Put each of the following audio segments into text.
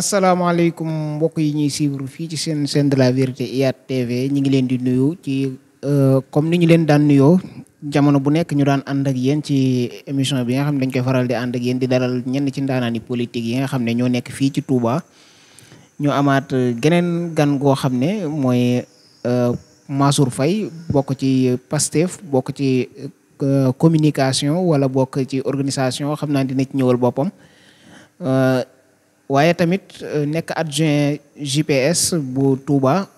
asalaamaaleykum mbokk yi ñuy suivre fii ci seen chaîne de la vérité IYAT TV ñu ngi leen di nuyu ci euh, comme ni ñu leen daan nuyoo jamono bu nekk ñu daan ànd ak yéen ci émission bi nga xam ne dañ koy faral di ànd ak yéen di dalal ñenn ci ndaanaani politique yi nga xam ne ñoo nekk fii ci Touba. ñu amaat euh, geneen gan goo xam ne mooy euh, Mansour fay bokk ci Pastef bokk ci communication wala bokk ci organisation xam naa dina ci ñëwal boppam. waaye tamit euh, nekk adjoint GPS bo Touba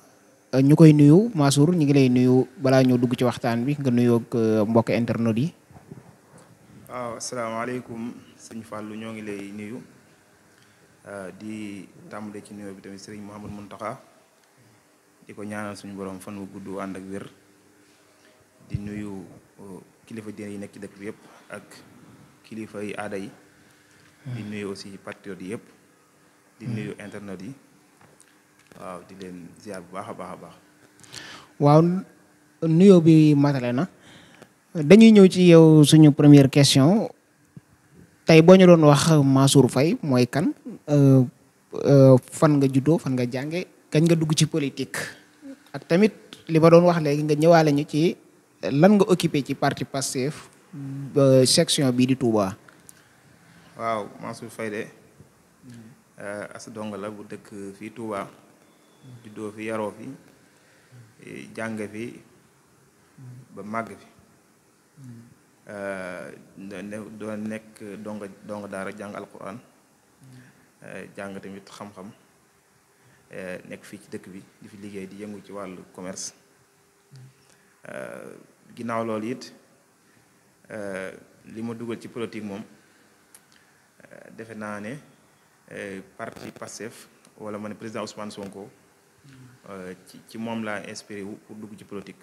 euh, ñu koy nuyu Mansour ñu ngi lay nuyu balaa ñoo dugg ci waxtaan bi nga nuyoog ak euh, mbokk internet yi. waaw asalaamaaleykum sëñ Fallou ñoo ngi lay nuyu di tàmbale ci nuyoo bi tamit sëriñ Mouhamadou Mountakha di ko ñaanal suñu borom fan wu gudd ànd ak wér di nuyu kilifa diine yi nekk ci dëkk bi yëpp ak kilifa yi aada yi. di nuyu aussi patriote yëpp. di nuyu internet yi waaw di leen ziar bu baax a baax a baax. waaw nuyoo bi matale na dañuy ñëw ci yow suñu première question tey boo ñu doon wax Mansour fay mooy kan euh, euh, fan nga juddoo fan nga jànge kañ nga dugg ci politique ak tamit li ma doon wax léegi nga ñëwaale ñu ci lan nga occupé ci parti Pastef euh, section bii di Touba. waaw Mansour Faye de. Euh, as donga la bu dëkk fii Touba juddoo fi yaroo fi jànge fi ba màgg fi euh, doo nekk donga donga daara jàng alquran euh, jàng tamit xam-xam nekk fii ci dëkk bi di fi liggéey di yëngu ci wàllu commerce ginnaaw loolu it li ma dugal ci politique moom defe naa ne Eh, parti Pastef wala ma ne président Ousmane Sonko euh, ci ci moom laa inspiré wu pour dugg ci politique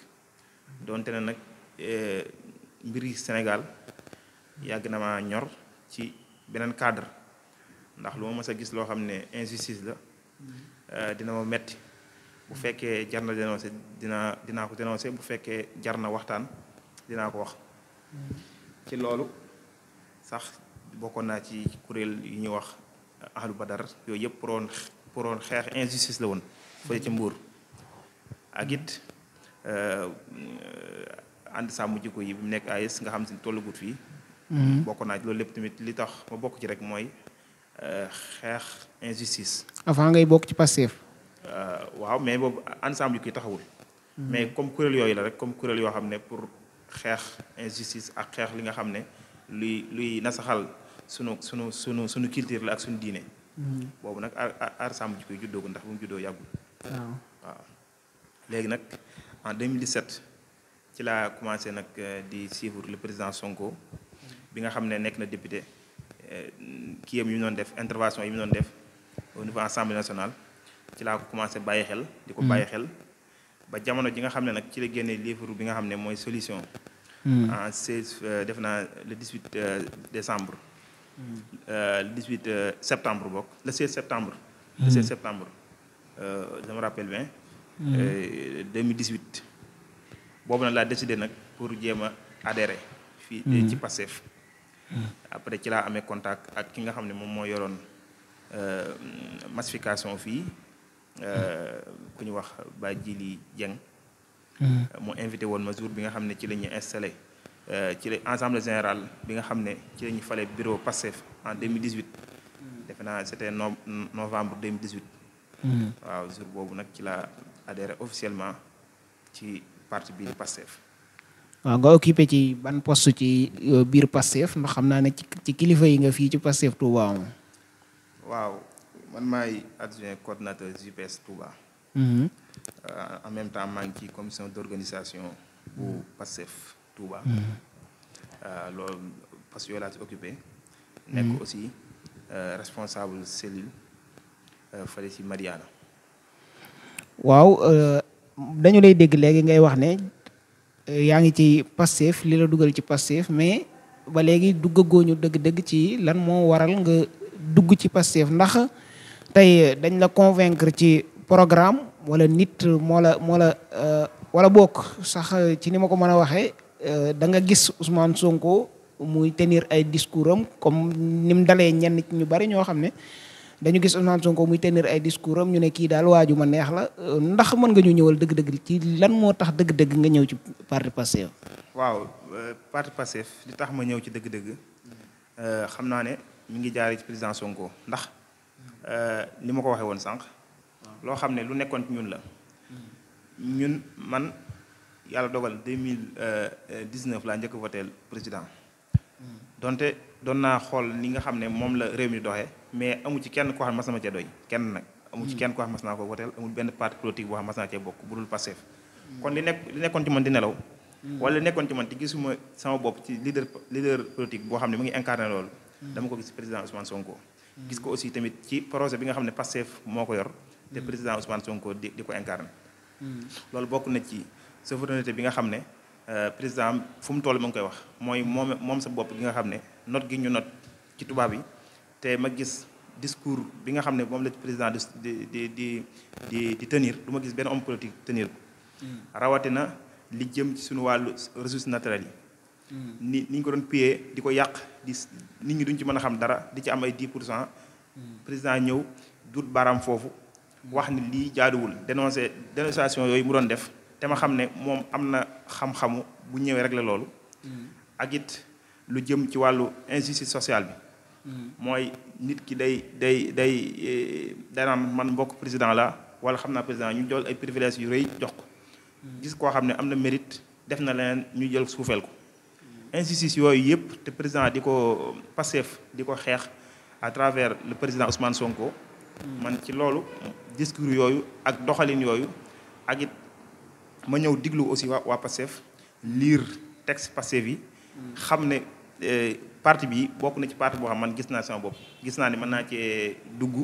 donte teneen nag eh, mbiri Sénégal yàgg na ma ñor ci beneen cadre ndax lu ma mës a gis loo xam ne injustice la euh, dina ma metti bu fekkee jar na dénoncé dina dinaa ko dénoncé bu fekkee jar na waxtaan dinaa ko wax ci loolu sax bokkoon naa ci kuréel yu ñu wax ahlu badar yooyu yëpp poroon poroon xeex injustice la woon fële ca mbuur ak it euh, ànd sàmm jikko yi bi mu nekk AIS nga xam si tollagut fii mhm. bokk naa loolu lépp tamit li tax ma bokk ci rek mooy euh, xeex injustice avant ngay bokk ci Pastef euh, waaw mais boobu ànd sàmm jikko yi taxawul mhm. mais comme kuréel yooyu la rek comme kuréel yoo xam ne pour xeex injustice ak xeex li nga xam ne luy luy nasaxal sunu sunu sunu sunu culture la ak sunu diine. Mm-hmm. boobu nag aar ar sàmm jikko yi juddoogu ndax bu mu juddoo yàggul. waaw léegi nag en 2017 ci laa commencé nag euh, di suivre le président Sonko bi nga xam ne nekk na député euh, kii yam yu mu doon def intervention yi mu doon def au niveau assemblée nationale ci laa ko commencé bàyyi xel. di ko bàyyi mm-hmm. xel ba jamono ji nga xam ne nag ci la génnee livre bi nga xam ne mooy solution. Mm-hmm. en 16 euh, def naa le 18 décembre. le euh, 18 euh, septembre bokk le 16 septembre. le 16 septembre euh, je me rappelle bien. Mm. boobu nag laa décidé nag pour jéem a adhérer. fii mm. ci Pastef. après ci laa amee contact ak ki nga xam ne moom moo yoroon massification fii ku ñu wax baa Badjili Dieng. Mm. mu invité woon ma jour bi nga xam ne ci la ñuy installé. Euh, ci la ensemble général bi nga xam ne ci la ñu fale bureau Pastef en 2018. defe naa c'était no novembre 2018. Hmm. waaw jour boobu nag ci la adhéré officiellement ci parti bii di Pastef. waaw nga occupé ci ban post ci euh, biir Pastef ndax xam naa ne ci kilifa yi nga fii ci Pastef Touba moom. man maay adjoint coordinateur JPS Touba. Hmm. Euh, en même temps maa ngi ci commission d'organisation bu Pastef. Touba. Mm. Euh, loolu parce que yooyu laa ci occupé. nekk mm. aussi euh, responsable cellule euh, fële ci Mariana. waaw dañu lay dégg léegi ngay wax ne yaa ngi ci Pastef li la dugal ci Pastef mais ba léegi duggagooñu dëgg-dëgg ci lan moo waral nga dugg ci Pastef ndax tey dañ la convaincre ci programme wala nit moo la moo la wala bokk sax ci ni ma ko mën a waxee Euh, da nga gis Ousmane Sonko muy tenir ay discours am comme ni mu dalee ñenn ñu bari ñoo xam ne dañu gis Ousmane Sonko muy tenir ay discours am ñu ne kii daal waaju ma neex la euh, ndax mën nga ñu ñëwal dëgg-dëgg ci lan moo tax dëgg-dëgg nga ñëw ci parti Pastef. waaw euh, parti Pastef li tax ma ñëw ci dëgg-dëgg xam naa ne mu ngi jaaree ci président Sonko ndax li ma ko waxee woon sànq. loo xam ne lu nekkoon ñun la. ñun man yàlla dogal deux mille dix neuf laa njëkk voteel président donte doon naa xool ni nga xam ne moom la réew mi doxee mais amu ci kenn koo xam ne mas cee doy kenn nag. amu ci kenn koo xam ne naa ko voteel amul benn parti politique boo xam ne mas naa bokk bu dul Pastef. kon li nekk li man di nelaw. wala li nekkoon ci man di gisuma sama bopp ci leader leader politique boo xam ne mu ngi incarné loolu. dama ko gis président Ousmane Sonko. gis ko aussi tamit ci projet bi nga xam ne Pastef moo ko yor. te président Ousmane Sonko di di ko incarné. Hmm. loolu bokk na ci. souveraineté bi nga xam ne euh, président fu mu toll ma ngi koy wax mooy moom moom sa bopp bi nga xam ne not gi ñu not ci tubaab yi te ma gis discours bi nga xam ne moom la président di di di di di tenir du ma gis benn homme politique tenir ko mm. rawatina li jëm ci suñu wàllu ressources naturelles yi mm. ni ni ñu ko doon piyee di ko yàq di nit ñi duñ ci mën a xam dara di ci am ay 10 pour cent mm. président ñëw duut baaraam foofu wax ni lii jaaduwul dénoncé dénonciation yooyu mu doon def te xam ne moom am na xam-xamu bu ñëwee rek la loolu. Mm-hmm. agit lu jëm ci wàllu injustice sociale bi. Mm-hmm. mooy nit ki day day day eh, day naan man mbokk président la wala xam naa président ñu jël ay privilèges yu rëy jox ko. Mm-hmm. gis koo xam ne am na mérite def na leen ñu jël suufeel ko. injustice yooyu yëpp te président di ko Pastef di ko xeex à travers le président Ousmane Sonko. man ci loolu discours yooyu ak doxalin yooyu ak ma ñëw diglu aussi waa waa Pastef lire texte Pastef yi xam ne eh, parti bi bokk na ci parti boo xam man gis naa sama bopp gis naa ne mën naa cee dugg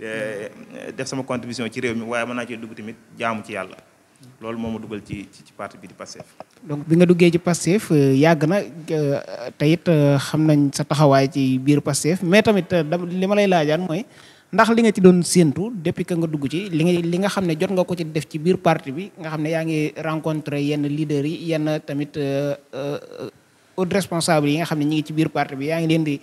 eh, def sama contribution ci réew mi waaye mën naa cee dugg tamit jaamu ci yàlla loolu moo ma dugal ci ci parti bi di Pastef. donc bi nga duggee ci Pastef eh, yàgg na teyit xam nañ sa taxawaay ci biir Pastef mais tamit li ma lay laajaan mooy ndax li nga ci doon séentu depuis que nga dugg ci li nga li nga xam ne jot nga ko ci def ci biir parti bi nga xam ne yaa ngi rencontré yenn leaders yenn tamit euh, euh, autres responsables yi nga xam ne ñi ngi ci biir parti bi yaa ngi leen di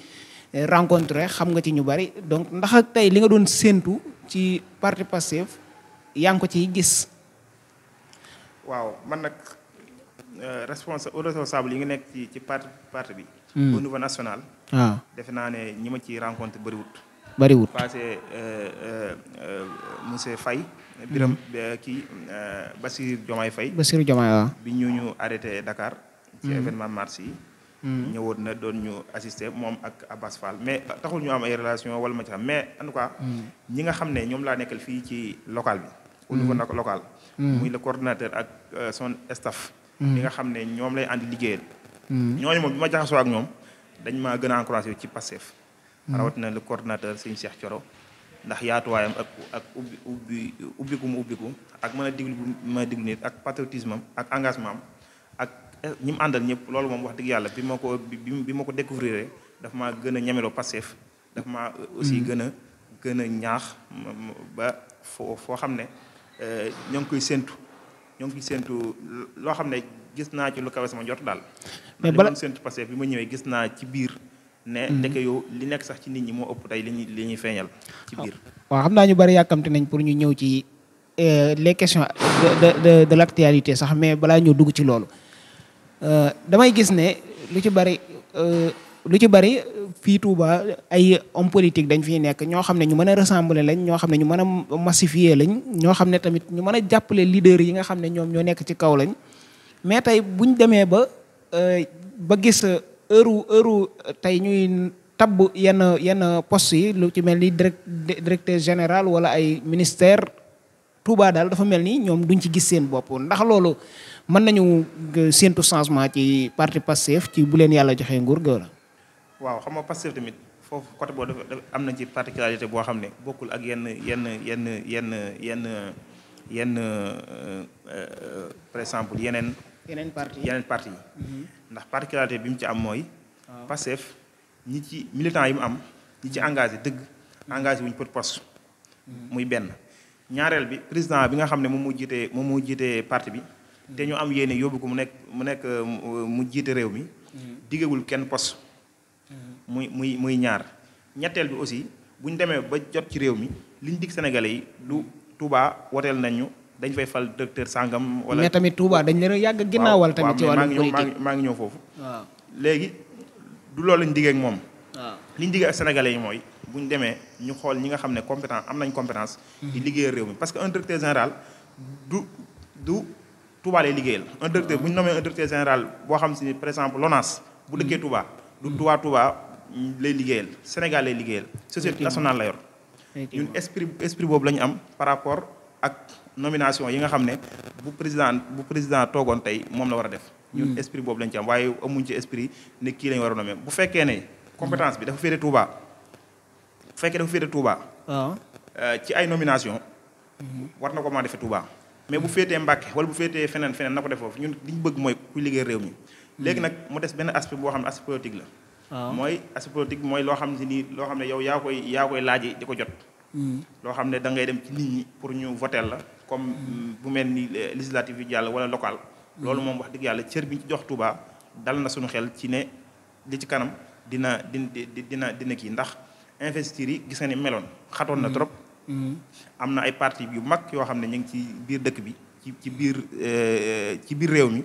euh, rencontré xam nga ci ñu bari donc ndax ak tey li nga doon séentu ci parti Pastef yaa ngi ko ciy gis. waaw man nag responsa responsable yi nga nekk ci ci parti parti bi. Hmm. au niveau national. Ah. def naa ne ñi ma ciy rencontré bëriwut. bariwut passé euh, euh, euh, monsieur fay Biram mm-hmm. kii Bassirou Diomaye Faye Bassirou Diomaye waaw bi ñu ñu arrêté Dakar ci mm-hmm. événement mars yi mm-hmm. ñëwoon na doon ñu assister moom ak Abbas Fall mais taxu ñu am ay relation wala ma ci mais en tout cas ñi nga xam ne ñoom laa nekkal fii ci local bi au niveau nag local muy le coordinateur ak son staf ñi nga xam ne ñoom lay àndi liggéeyal ñooñu moom ma jaxasoo ak ñoom dañ maa gën a encouragé ci Pastef Mm-hmm. rawatina le coordonnateur sëñ Cheikh Thioro ndax yaatuwaayam ak ak ubbi ubbi ubbiku mu ubbiku ak mën a diglu bu mën a diglu nit ak patriotisme ak engagement ak eh, ñi mu àndal ñëpp loolu moom wax dëgg yàlla bi ma ko bi ma ko découvrir dafa maa gën a ñemeloo Pastef dafa maa aussi mm-hmm. gën a gën a ñaax ba foo foo xam ne eh, ñoo ngi koy séentu ñoo ngi koy séentu loo xam ne gis naa ci lu kawe sama jot daal mais bala biir ne mhm. ndeke yow li nekk sax ci nit ñi moo ëpp tey li ñuy li ñuy feeñal ci ah. biir waaw xam naa ñu bari yàkkamte nañ pour ñu ñëw ci euh, les questions de de de l'actualité sax mais balaa ñu dugg ci loolu euh, damay gis ne lu ci bari euh, lu ci bari fii Touba ay homme politique dañ fiy nekk ñoo xam ne ñu mën a rassembler lañ ñoo xam ne ñu mën a massifier lañ ñoo xam ne tamit ñu mën a jàppale leader yi nga xam ne ñoom ñoo nekk ci kaw lañ mais buñ demee ba ba gis heure heure tey ñuy tab yenn yenn poste yi lu ci mel ni direct directeur général wala ay ministère Touba daal dafa mel ni ñoom duñ ci gis seen bopp ndax loolu mën nañu euh, séentu changement ci parti Pastef ci bu leen yàlla joxee nguur ga la waaw xam nga Pastef tamit foofu côté boo dafa am na ci particularité boo xam ne bokkul ak yenn yenn yenn yenn yenn yenn euh, euh, par exemple yeneen yeneen parti yeneen parti yi mm-hmm. ndax particularité bi mu ci am mooy Pastef ñi ci militant yi mu am ñi ci mm-hmm. engagé dëgg engagé wuñu pour post mm-hmm. muy benn ñaareel bi président bi nga xam ne moom moo jiitee moom moo jiitee parti bi te ñu am yéene yóbbu ko mu nekk mu nekk euh, mu jiite réew mi diggagul kenn post muy muy muy ñaar ñetteel bi aussi bu demee ba jot ci réew mi liñ ñu dig Sénégalais yi du tubaa woteel nañu dañ fay fal docteur sangam. wala mais tamit Touba leen yàgg a ginnaawal tamit ci wàllu politique maa ngi ñëw léegi du loolu lañ diggee moom. li ñu diggee yi mooy bu ñu demee ñu xool ñi nga xam ne compétence am nañ compétence. Hmm. di liggéeyal réew mi parce que un directeur du du Touba lay liggéeyal. un directeur bu ñu nommee un directeur général boo xam si ne par exemple LONASE. bu hmm. dëkkee Touba du Touba Touba lay liggéeyal Sénégal lay liggéeyal. société nationale la yor. ñun esprit esprit boobu lañu am par rapport ak. nomination yi nga xam ne bu président bu président toogoon tey moom la war a def. ñun hmm. esprit boobu lañ ci waaye amuñ ci esprit ne kii lañ war a nommer bu fekkee ne. compétence bi dafa féete Touba. bu fekkee dafa féete Touba. Ah. Euh, ci ay nomination hmm. war na ko mën defee Touba. mais bu féetee Mbàkke wala bu féetee feneen feneen na ko def ñun li ñu bëgg mooy kuy liggéey réew mi. Hmm. léegi nag mu des benn aspect boo xam ne aspect politique la. Ah. mooy aspect politique mooy loo xam ne nii loo xam ne yow yaa koy yaa koy laaj di ko jot. loo xam ne da ngay dem ci nit ñi pour ñu voteel la comme bu mel ni législative yi jàll wala local loolu moom wax dëgg yàlla cër bi jox Touba dal na suñu xel ci ne li ci kanam dina dina dina kii ndax investir yi gis nga ni meloon xatoon na trop am na ay parti yu mag yoo xam ne ñu ngi ci biir dëkk bi ci ci biir euh, ci biir réew mi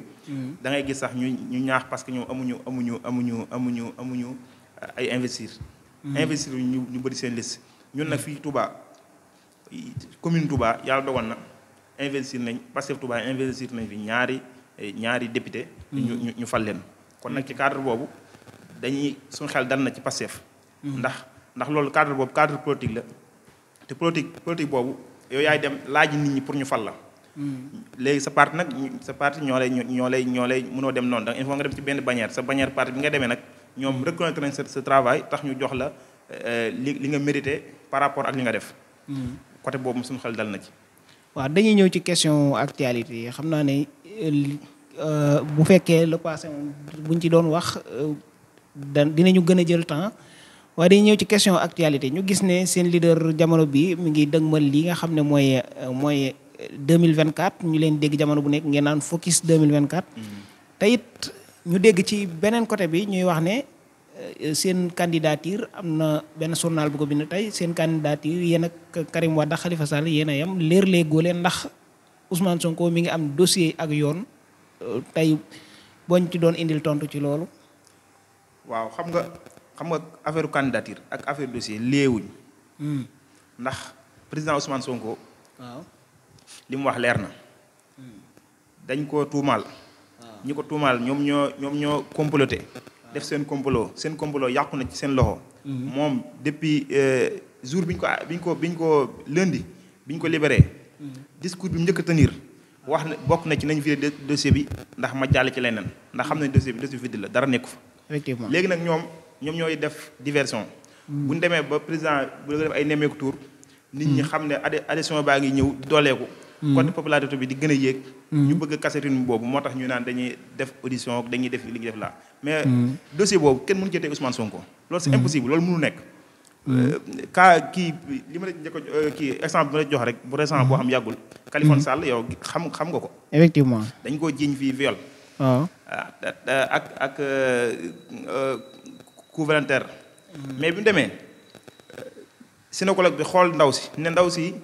da ngay gis sax ñu ñu ñaax parce que ñoom amuñu amuñu amuñu amuñu amuñu euh, ay investir mm. investir ñu ñu bëri seen liste ñun nag fii Touba commune Touba yàlla dogal na investir nañ Pastef Touba investir nañ fi ñaari ñaari député. Mm-hmm. ñu ñu ñu fal leen. kon nag ci cadre boobu dañuy suñu xel dal na ci Pastef. Mm-hmm. ndax ndax loolu cadre boobu cadre politique la te politique politique boobu yow yaay dem laaj nit ñi pour ñu fal la. Mm-hmm. léegi sa parti nag sa parti ñoo lay ñoo lay ñoo lay mënoo dem noonu da il faut nga dem ci benn bannière sa bannière parti bi nga demee nag ñoom reconnaître nañ sa sa travail tax ñu jox la euh, li li nga mérité. par rapport ak li nga def. Hmm. côté boobu moom xel dal na ci. waaw dañuy ñëw ci question actualité xam naa ne euh, euh, bu fekkee le passé buñ ci doon wax euh, da dinañu gën a jël temps waaye dañuy ñëw ci question actualité ñu gis ne seen leader jamono bi mu ngi dëgmal lii nga xam ne mooy mooy 2024 ñu leen dégg jamono bu nekk ngeen naan focus 2024. Hmm. te it ñu dégg ci beneen côté bi ñuy wax ne Eh, eh, seen candidature am na benn journal bu ko bind tey seen candidature yéen ak Karim Wade Khalifa Sall yéen a yem leer lee góole ndax Ousmane Sonko mi ngi am dossier ak yoon eh, tey boñ ci doon indil tontu ci loolu. waaw xam nga xam nga affaire candidature ak affaire dossier léewuñ hmm. ndax président Ousmane Sonko. waaw li mu wax leer na. Hmm. dañ ko tuumaal. ñi ko tuumaal ñoom ñoo ñoom ñoo comploté. def seen complot seen complot yàqu na ci seen loxo. Mhm. moom depuis euh, jour bi ñu ko bi ko bi ñu ko lundi bi ko libéré. Mhm. discours bi njëkk a tenir wax na bokk na ci nañu vidé dossier bi ndax ma jàll ci leneen ndax xam nañ dossier bi dossier vide la dara nekku fa. effectivement léegi nag ñoom ñoom ñooy def diversion. Mhm. bu ñu demee ba président bu def ay nemmeeku tour nit ñi xam ne adhésion baa ngi ñëw dooleeku. Mm. côté popularité bi di gën a yéeg mm. ñu bëgg kasetin boobu moo tax ñu naan dañuy def audition dañuy def li ñuy def laa mais mm. dossier boobu kenn mun jotee Ousmane Sonko loolu c'est impossible loolu mënu nekk kaa euh, kii li ma la euh, kii exemple bi jox rek bu récent boo xam yàggul Khalifa Sall yow xam xam nga ko effectivement dañ koo jiiñ fii viol ah. Ah, ak ak euh, coup mais bi mu demee gynécologue bi xool ndaw si ne ndaw si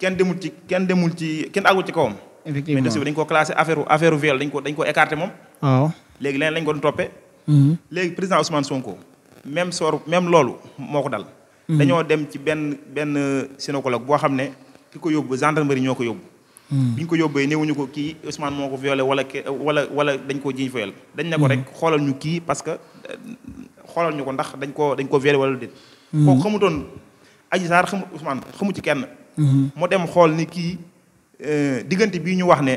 kenn demul ci kenn demul ci kenn àggul ci kawam. effectivement mais dossier bi dañ ko classé affaire affaire viol dañ ko dañ ko écarté moom. waaw léegi leneen lañ ko doon toppee. Mhm. léegi président Ousmane Sonko même sor même loolu moo ko dal. Mhm. dañoo dem ci benn benn gynécologue boo xam ne ki ko yóbbu gendarmerie ñoo ko yóbbu. Mhm. bi ko yóbbee néewuñu ko kii Ousmane moo ko violé wala wala wala dañ koo jiñ fayal. dañ ne ko rek xoolal ñu kii parce que xoolal ñu ko ndax dañ koo dañ ko violé wala déet. kooku xamu ci kenn. moo dem xool ni kii euh, diggante bii ñu wax ne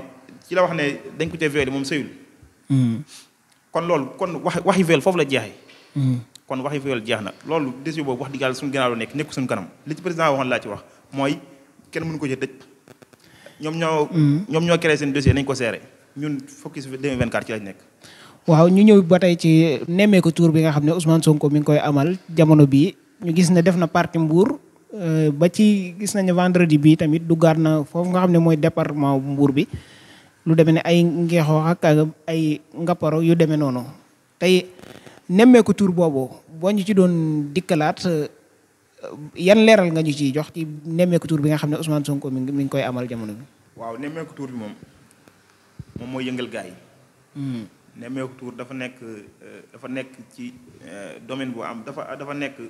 ci la wax ne dañ ko cee violé moom sëyul hmm. kon loolu kon wax waxi vel foofu la jeexee hmm. kon waxi viol jeex na loolu décision boobu wax dëgg yàlla suñu gannaaw nekk nekk suñu kanam li ci président waxoon laa ci wax mooy kenn mënu ko ci tëj ñoom ñoo hmm. ñoom ñoo créé seen dossier nañ ko seere ñun focus 2024 ci lañ nekk waaw ñu ñëw ba tey ci nemmee ko tour bi nga xam ne Ousmane Sonko mi ngi koy amal jamono bii ñu gis ne def na parti Mbour Euh, ba ci gis nañu vendredi bi tamit du duggaat na foofu nga xam ne mooy département bu Mbour bi lu demee ne ay ngeexoo ak ay ngapparo yu demee noonu tey nemmeeku tur boobu boo ñu ci doon dikkalaat euh, yan leeral nga ñu ciy jox ci nemmeeku tur bi nga xam ne Ousmane Sonko mi ngi koy amal jamono bi. waaw nemmeeku tuur bi moom moom mooy yëngal gaa yi. Hmm. nemmeeku tuur dafa nekk euh, dafa nekk ci domaine bu am dafa dafa nekk.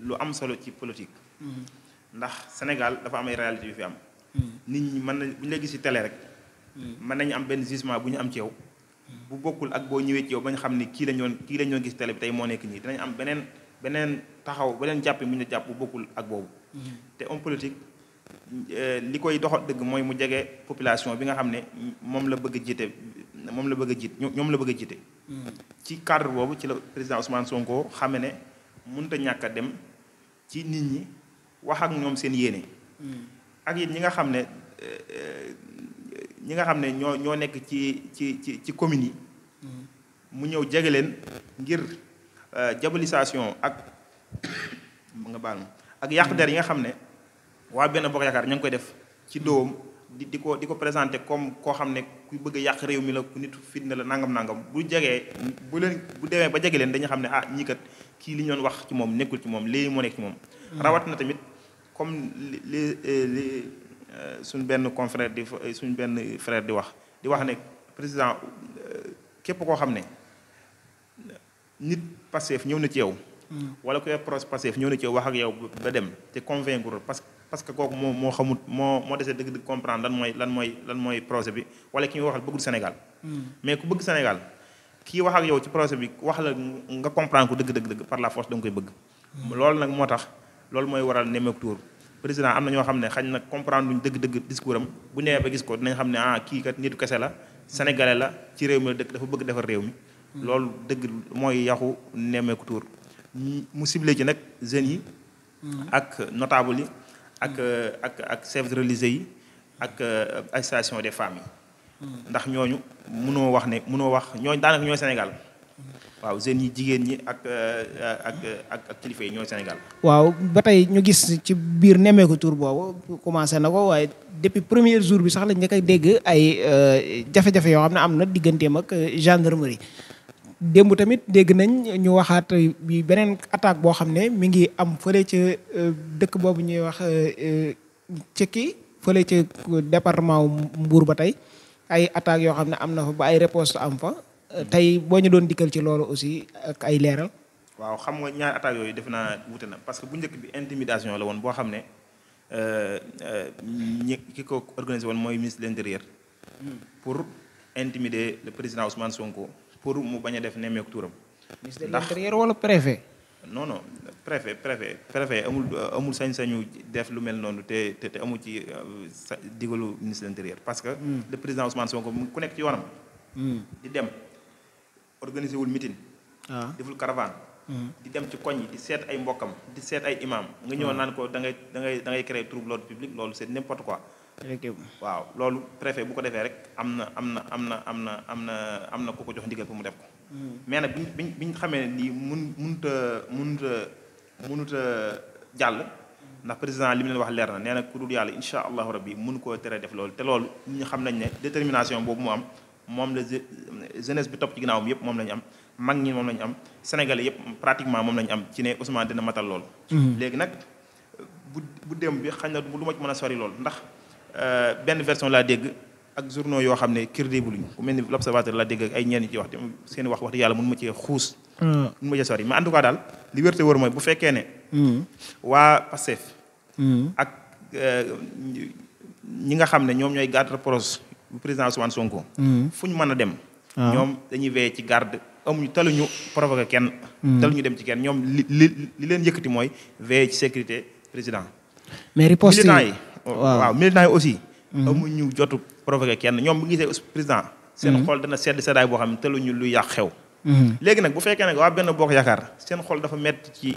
lu am solo ci politique. Mm-hmm. ndax Sénégal dafa am ay réalité yu fi am. Mm-hmm. nit ñi mën na bu ñu la gis ci télé rek. Mm-hmm. mën nañ am benn jugement bu ñu am ci yow. bu bokkul ak boo ñëwee ci ba ñu xam ni kii lañ doon kii lañ gis télé bi tey moo nekk nii dinañ am beneen beneen taxaw beneen jàpp bu ñu jàpp bokkul ak boobu. te homme politique euh, li koy doxal dëgg mooy mu jege population bi nga xam ne moom la bëgg a jiite moom la bëgg a jiite ñoom la bëgg a jiite. ci cadre boobu ci la président Ousmane Sonko xame ne. mënut a ñàkk dem ci nit ñi wax ak ñoom seen yéene. Hmm. ak it ñi nga xam ne ñi nga xam ne ñoo ñoo nekk ci ci ci ci communes yi. Hmm. mu ñëw jege leen ngir euh, diabolisation ak nga baal ma ak yàq der yi nga xam ne waa benn bokk yaakaar ña ngi koy def ci doom. di di ko di ko présenté comme koo xam ne kuy bëgg yàq réew mi la ku nit fitna la nangam-nangam bu jegee bu leen bu demee ba jege leen dañu xam ne ah ñii kat kii li ñu doon wax ci moom nekkul ci moom léegi moo nekk ci moom. Hmm. rawat na tamit comme li li euh, suñ benn confrère di suñ benn frère di wax di wax ne président euh, képp koo xam ne nit Pastef ñëw na ci yow. Hmm. wala ku yor proche Pastef ñëw na yow wax ak yow ba dem te convaincre parce que parce que kooku moo moo xamut moo moo desee dëgg dëgg comprendre lan mooy lan mooy lan mooy projet bi wala ki ñuy waxal bëggul Sénégal hmm. mais ku bëgg Sénégal kii wax ak yow ci projet bi wax la nga comprendre ko dëgg dëgg par la force da nga koy bëgg hmm. loolu nag moo tax loolu mooy waral Nemmeeku Tour président am na ñoo xam ne xañ na comprendre luñ dëgg dëgg discours am bu nee ba gis ko dinañ xam ne ah kii kat nitu kese la sénégalais la ci réew mi la dëkk dafa bëgg defar réew mi hmm. loolu dëgg mooy yaxu Nemmeeku Tour mu ciblé ci nag jeunes yi ak notable yi ak ak ak chefs yi ak euh, association des femmes yi. Hmm. ndax ñooñu mënoo wax ne mënoo wax ñooñu daanaka ñooy Sénégal. waaw jeunes yi jigéen ñi ak euh, ak ak kilifa yi ñooy Sénégal. waaw ba tey ñu gis ci biir nemmeeku tur boobu commencé na ko waaye depuis première jour bi sax lañ njëkk a dégg ay euh, jafe-jafe yoo xam ne am na digganteem ak gendarmerie. démb tamit dégg nañ ñu waxaat bi beneen attaque boo xam ne mi ngi am fële ca euh, dëkk boobu ñuy wax ci euh, euh, Cekki fële ca département Mbour ba tey ay attaques yoo xam ne am na fa ba ay réponse am fa tey boo ñu doon dikkal ci loolu aussi ak ay leeral. waaw xam nga ñaar attaques yooyu defe naa wute na parce que bu njëkk bi intimidation la woon boo xam ne ñi ki ko organisé woon mooy ministre de l'intérieur hmm. pour intimider le président Ousmane Sonko. pour mu bañ a def nemmeeku tuuram. ministre de l'intérieur wala préfet. non non préfet préfet préfet amul amul sañ-sañu def lu mel noonu te te amul ci euh, sa digalu ministre de l'intérieur parce que. Hmm. le président Ousmane Sonko ku nekk ci yoonam. Hmm. di dem organiser wul meeting. Ah. deful caravane. Hmm. di dem ci koñ yi di seet ay mbokkam di seet ay imam nga ñëw ah. naan ko da ngay da ngay da ngay créer trouble l'ordre public loolu c'est n'importe quoi. waaw loolu préfet bu ko defee rek am na am na am na am na am na am na ku ko jox ndigal pour mu def ko. Hmm. mais nag biñ biñ xamee nii mun munut a munut a munut a jàll. ndax président li mu leen wax leer na nee ku dul yàlla incha allahu rabbi mun koo teree def loolu te loolu ñu xam nañ ne détermination boobu mu am moom la jeunesse bi topp ci ginnaawam yëpp moom la am mag ñi moom la am Sénégalais yëpp pratiquement moom la am ci ne Ousmane dina matal loolu. Hmm. léegi nag bu bu démb bi xañ na lu ma mën a sori loolu ndax. Euh, benn version laa dégg ak journaux yoo xam ne crédible ñu ku mel ni l'observateur laa dégg ak ay ñenn ci wax seen wax wax dëgg yàlla mënu ma cee xuus. Hmm. mënu ma cee sori mais en daal li wér te wër mooy bu fekkee ne. Hmm. waa Pastef. Hmm. ak euh, ñi nga xam ne ñoom ñooy garde rapprochée président Ousmane Sonko. fu ñu mën a dem. Ah. ñoom dañuy veillé ci garde amuñu taluñu provoqué kenn. taluñu dem ci kenn ñoom li li li leen yëkkati mooy veillé ci sécurité président. mais riposte waaw militant yi aussi mhm. amuñu jotu provoqué kenn ñoom bu gisee président seen mhm. xol dana sedd seddaay boo xam ne tëluñu lu yàq xew mhm. léegi nag bu fekkee nag waa benn bokk yaakaar seen xol dafa metti ci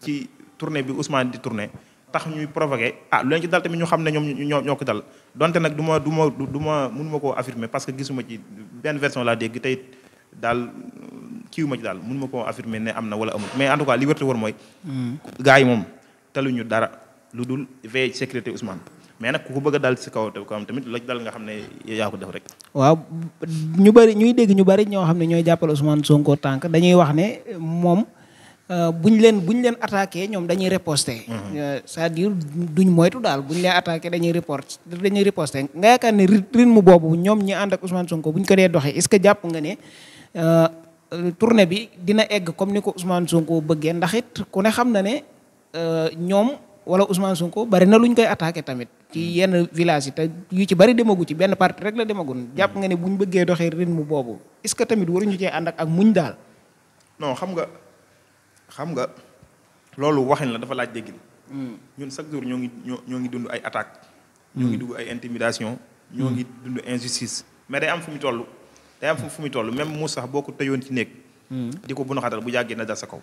ci tournée bi Ousmane di tournée tax ñuy provoqué ah lu leen ci dal tamit ñu xam ne ñoom ñoo ñoo ko dal donte nag du ma du ma du ma mënuma koo affirmer parce que gisuma ci benn version laa dégg tey daal kiiw ma ci daal ma koo affirmer ne am na wala amul mais en tout cas li wérte war mooy gars yi moom taluñu dara lu dul veille sécurité Ousmane mais nag ku ko bëgg a dal ci kaw te ko am tamit la nga xam ne yaa def rek. waaw ñu bari ñuy dégg ñu bari ñoo xam ne ñooy jàppale Ousmane Sonko tànk dañuy wax ne euh, moom euh, buñ leen buñ leen attaqué ñoom dañuy riposté. Mhm. Euh, c'est-à-dire duñ moytu daal buñ leen attaqué dañuy riposte dañuy riposté nga yaakaar ne rythme boobu ñoom ñi ànd ak Ousmane Sonko buñ ko dee doxee est-ce que jàpp nga ne. tournée bi dina egg comme ni ko Ousmane Sonko bëggee ndax it ku ne xam na ne ñoom wala Ousmane Sonko bari na lu ñu koy attaqué tamit ci hmm. yenn village yi te yu ci bari demagu ci benn parti rek la demagun hmm. jàpp nga ne bu ñu bëggee doxee mu boobu est-ce que tamit waruñu cee ànd ak ak muñ daal. non xam nga xam nga loolu waxin la dafa laaj déggin. Hmm. ñun chaque jour ñoo ngi ñoo ñoo ngi dund ay attaque ñoo ngi dugg ay intimidation ñoo ngi dundu injustice. mais day am fu mu toll day am fu mu toll mu sax boo ko tëjoon ci néeg. di ko bu naxatal bu yàggee na dal sa kaw.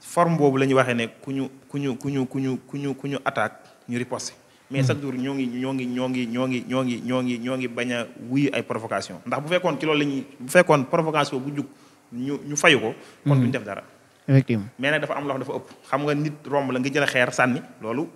forme boobu la ñuy waxee ne ku ñu ku ñu ku ñu ku ñu ku ñu ku ñu attaque ñu riposte mais mm. chaque jour ñoo ngi ñoo ngi ñoo ngi ñoo ngi ñoo ngi ñoo ngi ñoo ngi bañ a wuyu ay provocation ndax bu fekkoon ci loolu la ñuy bu fekkoon provocation bu jug ñu ñu fayu ko kon duñu mm. def dara effectivement mais nag dafa am loo dafa ëpp xam nga nit romb la nga jël a xeer sànni loolu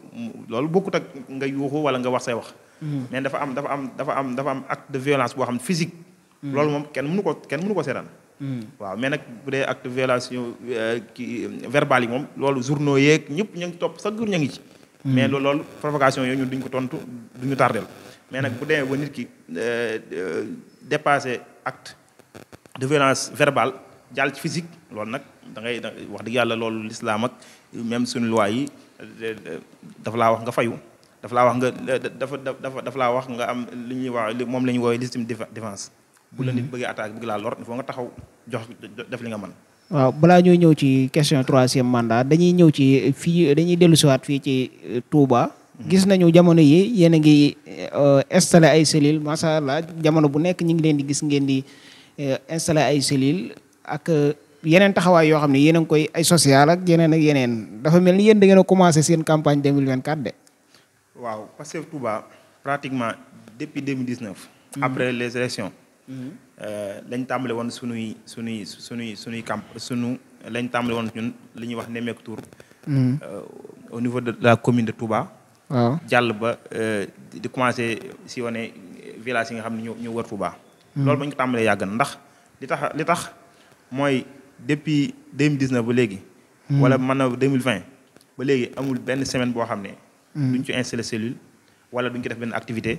loolu bokkut ak nga yuuxu wala nga wax say wax mm. mais dafa am dafa am dafa am dafa am acte de violence boo xam ne physique loolu moom kenn mënu ko kenn mënu ko seetaan Hmm. waaw mais nag bu dee acte violation euh, kii verbal yi moom loolu journaux yeeg ñëpp ñu ngi topp sax jour ñu ngi ci. Hmm. mais loolu provocation yooyu ñun duñ ko tontu duñu tardel mais nag bu demee ba nit ki euh, euh, dépassé acte de violence verbale jaal ci physique loolu nag da ngay wax dëgg yàlla loolu lislaam ak même suñu loi yi dafa laa wax nga fayu dafa laa wax nga dafa dafa dafa laa wax nga am li ñuy wax moom la ñu woowee légitime défense bu la nit mhm. bëggee attaque bëgg laa lor il faut taxaw jox def li nga man waaw balaa ñuy ñëw ci question troisième mandat dañuy ñëw ci fii dañuy dellu siwaat fii ci euh, Touba. Mhm. gis nañu jamono yi yéen a ngi euh, installé ay cellules macha allah jamono bu nekk ñu ngi leen di gis ngeen di euh, installé ay cellules ak yeneen taxawaay yoo xam ne yéen a ngi koy ay social ak yeneen ak yeneen dafa mel ni yéen da ngeen a commencé seen campagne 2024 de. waaw parce que Touba pratiquement depuis 2019. Mhm. après les élections. Euh, lañ tàmbale woon sunuy sunuy sunuy sunuy camp sunu lañ tàmbale woon ñun li ñuy wax Nemmeeku Tour. Hmm. Euh, au niveau de la commune de Touba. waaw jàll ba euh, di commencé si wane village yi nga xam ne ñoo war wër Touba. Hmm. loolu ba ñu ko tàmbalee yàgg na ndax li tax li tax mooy depuis deux mille dix ba léegi. Hmm. wala mën na deux mille vingt ba léegi amul benn semaine boo xam ne. duñ ci installé cellule wala duñ ci def benn activité.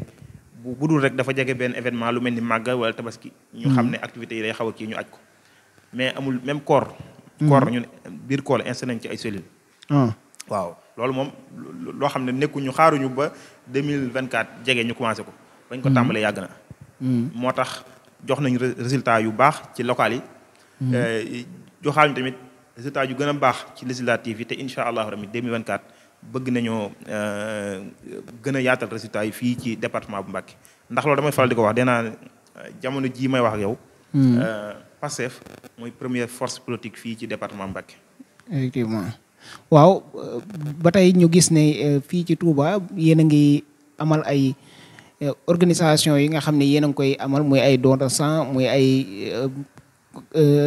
bu budul rek dafa jege benn événement lu mel ni màggal wala tabaski. ñu mm-hmm. xam ne activités yi day xaw a kii ñu aj ko mais amul même koor. Mm-hmm. koor ñun biir koor insté nañ ci ay cellules. Ah. waaw loolu moom loo xam ne nekkuñu xaaruñu ba deux mille vingt quatre jege ñu commencé ko. bañ ko mm-hmm. tàmbalee yàgg na. moo tax jox nañu résultat yu baax ci local yi. Euh, joxaañu tamit résultat yu gën a baax ci législative yi te incha allahu rabbi deux mille vingt bëgg nañoo euh, gën a yaatal résultat yi fii ci département bu Mbacké ndax loolu damay faral di ko wax deenaa euh, jamono jii may wax ak yow. Hmm. Euh, Pastef mooy première force politique fii ci département Mbacké. effectivement waaw ba tey ñu gis ne fii ci Touba yéen a ngi amal ay organisation yi nga xam ne yéen a ngi koy amal muy ay don de sang muy ay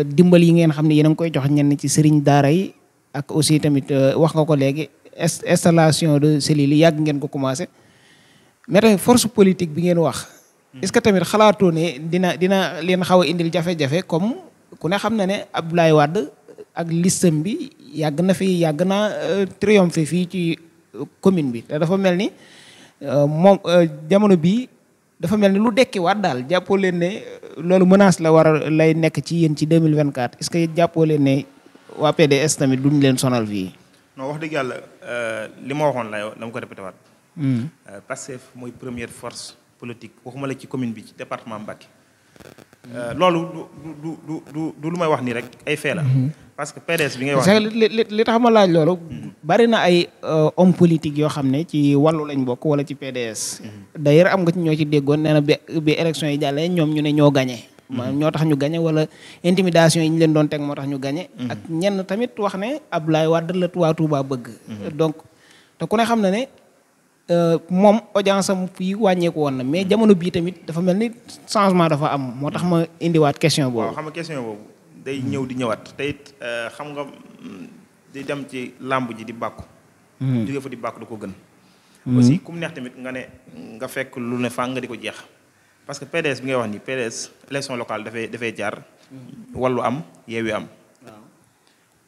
dimbal yi ngeen xam ne yéen a ngi koy jox ñenn ci sëriñ daara yi ak aussi tamit wax nga ko léegi. installation de cellules yi yàgg ngeen ko commencé mais force politique bi ngeen wax. Hmm. est-ce que tamit xalaatoo ne dina dina leen xaw a indil jafe-jafe comme ku ne xam na ne Abdoulaye Wade ak listam bi yàgg na fi yàgg naa euh, triomphe fii ci euh, commune bi te dafa mel ni euh, moom jamono bii dafa mel ni lu dekkiwaat daal jàppoo leen ne loolu menace la war lay nekk ci yéen ci 2024 est-ce que jàppoo leen ne waa PDS tamit duñ leen sonal fii. non wax dëgg yàlla euh, li ma waxoon la dama ko répété waat. Hmm. Euh, Pastef mooy première force politique waxuma la ci commune bi ci département Mbacké. Euh, hmm. loolu du du du lu may wax nii rek ay fee la. Hmm. parce que PDS bi ngay wax. li li tax ma laaj loolu. bari na ay homme politique yoo xam ne ci wàllu lañ mbokk wala ci PDS. d'ailleurs am nga ci ñoo ci déggoon nee na bi bi élection yi jàllee ñoom ñu ne ñoo gagné. maanaam mm-hmm. ñoo tax ñu gañe wala intimidation yi ñu leen doon teg moo tax ñu gañe mm-hmm. ak ñenn tamit wax ne Abdoulaye Wade la waa Touba bëgg mm-hmm. donc te ku ne xam na ne euh, moom audience am fii wàññeeku woon na mais jamono bii tamit dafa mel ni changement dafa am moo tax ma indiwaat question boobu xam nga question boobu day ñëw di ñëwaat te it euh, xam nga di dem ci làmb ji di bàkku di bàkku ko gën aussi ku neex tamit nga ne nga fekk lu ne faa nga di ko jeex parce que PDS bi ngay wax ni PDS élection locale dafay dafay jaar. wallu am yeewi am.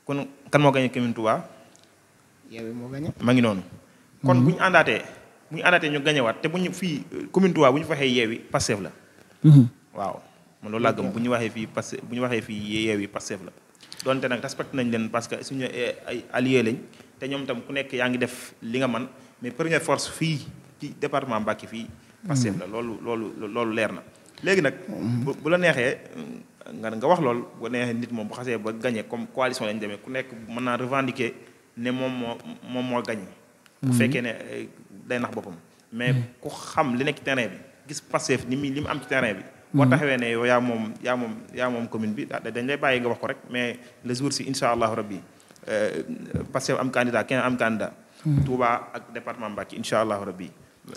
kon kan moo gagné commune Touba. yeewi ngi noonu. kon mm-hmm. buñ ñu àndaatee bu ñu àndaatee ñu gañewaat te bu ñu fii euh, commune Touba bu ñu waxee yeewi Pastef la. Mm-hmm. waaw man loolu laa gëm bu ñu waxee fii Pastef bu ñu waxee fii yeewi Pastef la. donte nag respecté nañ leen parce que suñu eh, ay alliés lañ te ñoom tam ku nekk yaa ngi def li nga man mais première force fii ci département Mbacké fii. Pastef mm. la loolu loolu loolu leer na. léegi nag. bu la neexee mm, nga nga wax loolu bu neexee nit moom bu xasee ba gañee comme coalition lañ demee ku nekk mën naa revendiquer ne moom moo moom moo gagné. bu mm. fekkee ne eh, day nax boppam. mais ku xam li nekk ci terrain bi gis Pastef ni muy li mu am ci terrain bi. boo taxawee ne yow yaa moom yaa moom yaa commune bi dañ lay bàyyi nga wax ko rek mais le jour si incha allahu rabbi euh, Pastef am candidat kenn am candidat. Touba ak département Mbacké incha allahu rabbi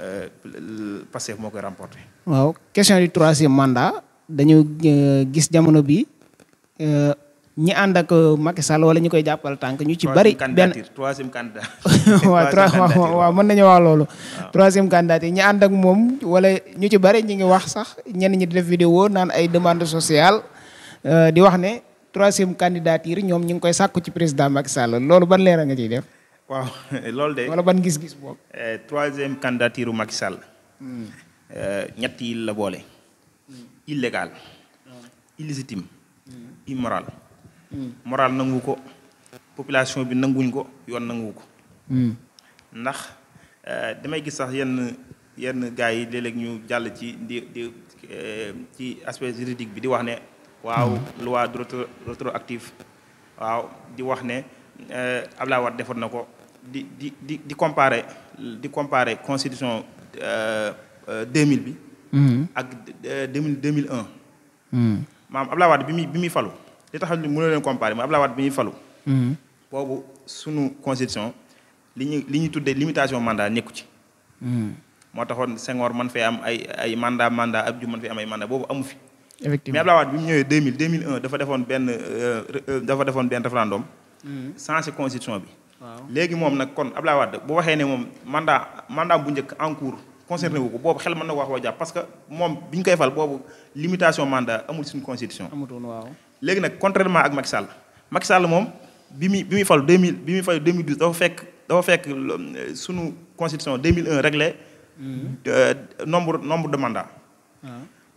Euh, Pastef moo koy remporté. waaw question du troisième mandat dañu euh, gis jamono bi euh, ñi ànd ak Macky Sall wala ñu koy jàppal tànk ñu ci bari. benn troisième candidat waaw mën nañu wax loolu. troisième candidat yi ñi ànd ak moom wala ñu ci bari ñu ngi wax sax ñenn ñi di def vidéo naan ay demande sociale di wax ne troisième candidature ñoom ñu ngi koy sàkku ci président Macky Sall loolu ban leera nga ciy def. waaw loolu de. wala ban gis-gis boobu. Eh, troisième candidature Macky Sall. Eh, ñett yi la boole. illégal. illégitime. immoral. moral nangu ko. population bi nanguñ ko yoon nangu ko. ndax eh, damay gis sax yenn yenn gars yi léeg ñu jàll ci di di ci aspect juridique bi di wax ne. waaw loi de rétroactive waaw di wax ne Abdoulaye Wade defoon na ko. di di di di comparer di comparer constitution euh, euh, deux mille bi. Mm-hmm. ak euh, deux mille deux mille un. maanaam mm-hmm. Abdoulaye Wade bi muy bi falu li tax ñu mënoo leen comparer mooy bi muy falu. Mm-hmm. boobu sunu constitution li ñu li ñu tuddee limitation mandaa nekku ci. moo taxoon Senghor man fee am ay ay mandat mandat ab ju man fee am ay mandat boobu amu fi. effectivement mais Abdoulaye Wade bi mu ñëwee deux mille deux mille un dafa defoon benn dafa defoon benn référendum. changé constitution bi. léegi moom nag kon Abdoulaye Wade bu waxee ne moom mandat mandat bu njëkk en cours concerné wu ko boobu xel mën na ko wax woo parce que moom bi ñu koy fal boobu limitation mandat amul suñ constitution. amutoon waaw léegi nag contrairement ak Macky Sall Macky Sall moom bi muy bi muy fal 2000 bi muy fal 2012 dafa fekk dafa fekk suñu constitution 2001 réglé. Mm-hmm. Euh, nombre nombre de mandat ah.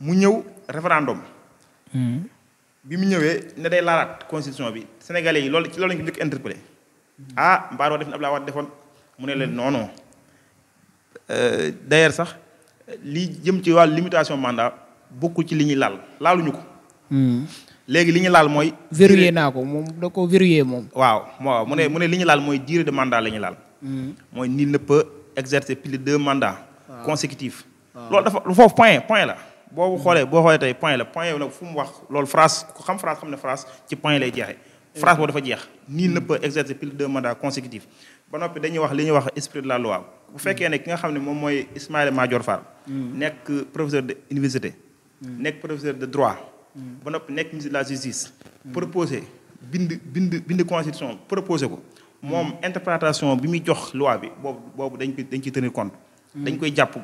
mu ñëw référendum. Mm-hmm. bi mu ñëwee ne day laalaat constitution bi sénégalais yi loolu ci loolu lañu ko njëkk ah mbaaroo def na Abdoulaye Wade defoon mu ne leen non non euh, d'ailleurs sax li jëm ci wàllu limitation mandat bokku ci li ñuy laal laaluñu ko. Hmm. léegi li ñu laal mooy. verrouillé naa ko moom da ko verrouillé moom. waaw waaw mu ne mu ne li ñu laal mooy durée de mandat la ñu laal. Hmm. mooy nul ne peut exercer plus de deux mandats. consécutifs. loolu dafa foofu point point la. boo xoolee boo xoolee tey point la point la fu mu wax loolu phrase xam phrase xam ne phrase ci point lay jeexee. France boobu dafa jeex nii ne peut exercer de deux mandats ba noppi dañuy wax li ñuy wax esprit de la loi bu fekkee ne ki nga xam ne moom mooy Ismaïla Madior Fall hmm. nekk professeur de université hmm. nekk professeur de droit hmm. ba noppi nekk ministre de la justice proposé bind bind bind constitution proposé ko moom interprétation bi muy jox loi bi boobu boobu dañ koy dañ ciy tenir compte dañ koy jàpp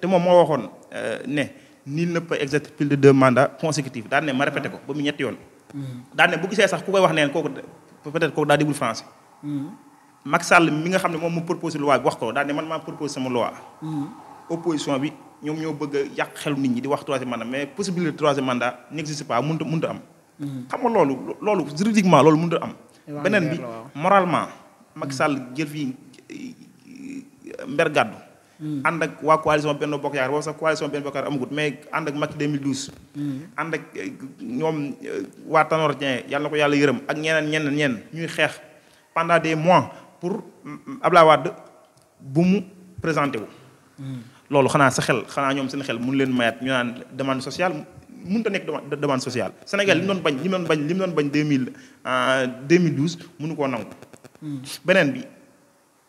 te moom moo waxoon euh, ne nul ne peut exercer plus de deux mandats consécutifs daan ne ma répété ko ñetti yoon Mm. daan ne bu gisee sax ku koy wax neen kooku peut-être kooku daa déggul français. Mm. Macky Sall mi nga xam ne moom mu proposé loi bi wax ko daan man maa proposé sama loi. Mm. opposition bi ñoom ñoo bëgg a yàq xel nit ñi di wax troisième mandat mais possibilité troisième mandat n'existe pas mënut mënut am. xam nga loolu loolu juridiquement loolu mun mënut am. beneen bi moralement. Macky Sall jël fii eh, mber gàddu. Mm. ànd ak waa coalition Benno Bokk Yaakaar boobu sax coalition Benno Bokk Yaakaar amagut mais ànd ak Macky 2012. Mm. ànd ak eh, ñoom eh, waa Tanor Dieng yàlla ko yàlla yërëm ak ñeneen ñeneen ñeneen ñuy xeex pendant des mois pour mm, Abdoulaye bu mu présenté wu. loolu xanaa sa xel xanaa ñoom seen xel mun leen mayaat ñu naan demande sociale mënut a nekk demande sociale. Sénégal li mu doon bañ li mu bañ li mu doon bañ deux mille euh, deux mille douze bi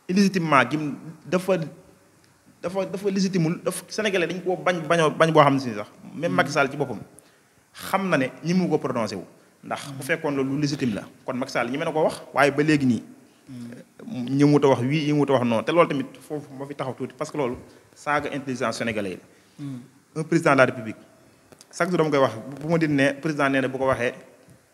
illégitimement gim dafa. dafa dafa légitimul daf sénégalais dañ koo bañ bañoo bañ boo xam ne si sax même hmm. Macky Sall ci boppam xam na ne ñi mu ko prononcé wu ndax bu hmm. fekkoon loolu lu légitime la kon Macky ñu ñi mën na koo wax waaye ba léegi nii hmm. ñu ñëwut a wax wii ñëwut a wax noonu te loolu tamit foofu moo fi taxaw tuuti parce que loolu saaga intelligence sénégalais yi un président de la république chaque jour dama koy wax bu ma di ne président nee bu ko waxee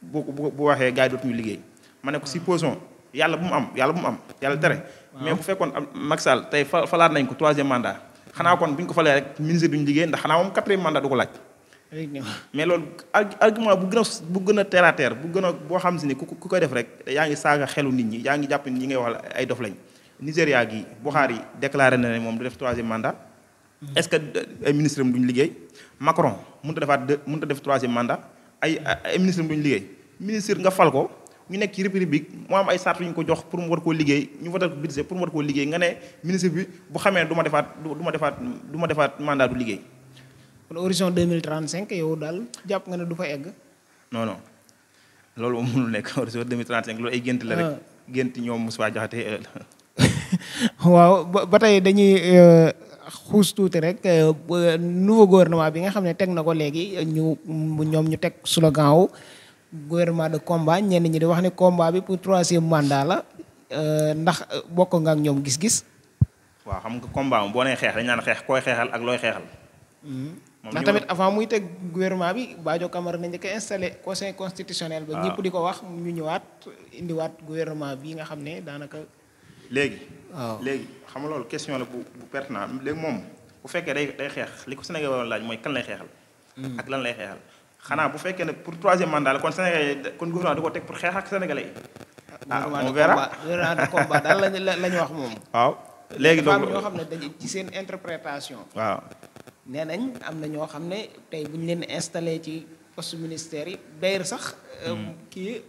bu bu waxee gars dootuñu liggéey ma ne ko supposons yàlla bu mu am yàlla mu am yàlla tere mais bu fekkoon Macky Sall tey fa falaat nañ ko troisième mandat xanaa kon bu ñu ko falee rek ministre duñu liggéey ndax xanaa moom quatrième mandat du ko laaj mais loolu argument bu gën a bu gën a terre bu gën a boo xam si ni ku ku koy def rek yaa ngi saaga xelu nit ñi yaa ngi jàpp ñi ngay wax ay dof lañ Nigéria gi Buhari déclaré na ne moom du def troisième mandat mm-hmm. est-ce que ay ministre liggéey Macron mënut a defaat mënut a def troisième mandat ay ay ministre duñu liggéey ministre nga fal ko ñu nekk ci république bi mu am ay sart ko jox pour mu war koo liggéey ñu voté ko budget pour mu war koo liggéey nga ne ministre bi bu xamee du ma defaat du ma defaat du ma defaat mandat du liggéey. kon horizon yow daal jàpp nga ne du fa egg. non non loolu moom mënul nekk horizon 2035 ay gént la rek. Ah. gént ñoom Moussa Diakhaté. Euh. waaw ba tey dañuy. Euh, xuus tuuti rek euh, nouveau gouvernement bi nga xam ne teg na ko léegi ñu ñoom ñu teg slogan wu gouvernement de combat ñenn ñi di wax ne combat bi pour troisième mandat la euh, ndax euh, bokk nga ak ñoom gis-gis. waaw xam nga combat moom boo nee xeex dañ naan xeex koy xeexal ak looy xeexal. Hmm. ndax tamit avant muy teg gouvernement bi Badio Camara nañ ko installé conseil constitutionnel. ba ñëpp di ko wax ñu ñëwaat indiwaat gouvernement bi nga xam ne daanaka. léegi. waaw léegi xam nga loolu question la bu bu pertinent léegi moom bu fekkee day day xeex li ko Sénégal waroon laaj mooy kan lay xeexal. Hmm. ak lan lay xeexal. xanaa bu fekkee ne pour troisième mandat la kon Sénégalais kon gouvernement da ko teg pour xeex ak sénégalais yi. ah on verra gouvernement de combat daal lañu lañu wax moom. waaw léegi donc ñoo xam ne dañuy ci seen interprétation. waaw nee nañ am na ñoo xam ne tey bu ñu leen installé ci post ministère yi d'ailleurs sax. Euh, hmm. kii euh,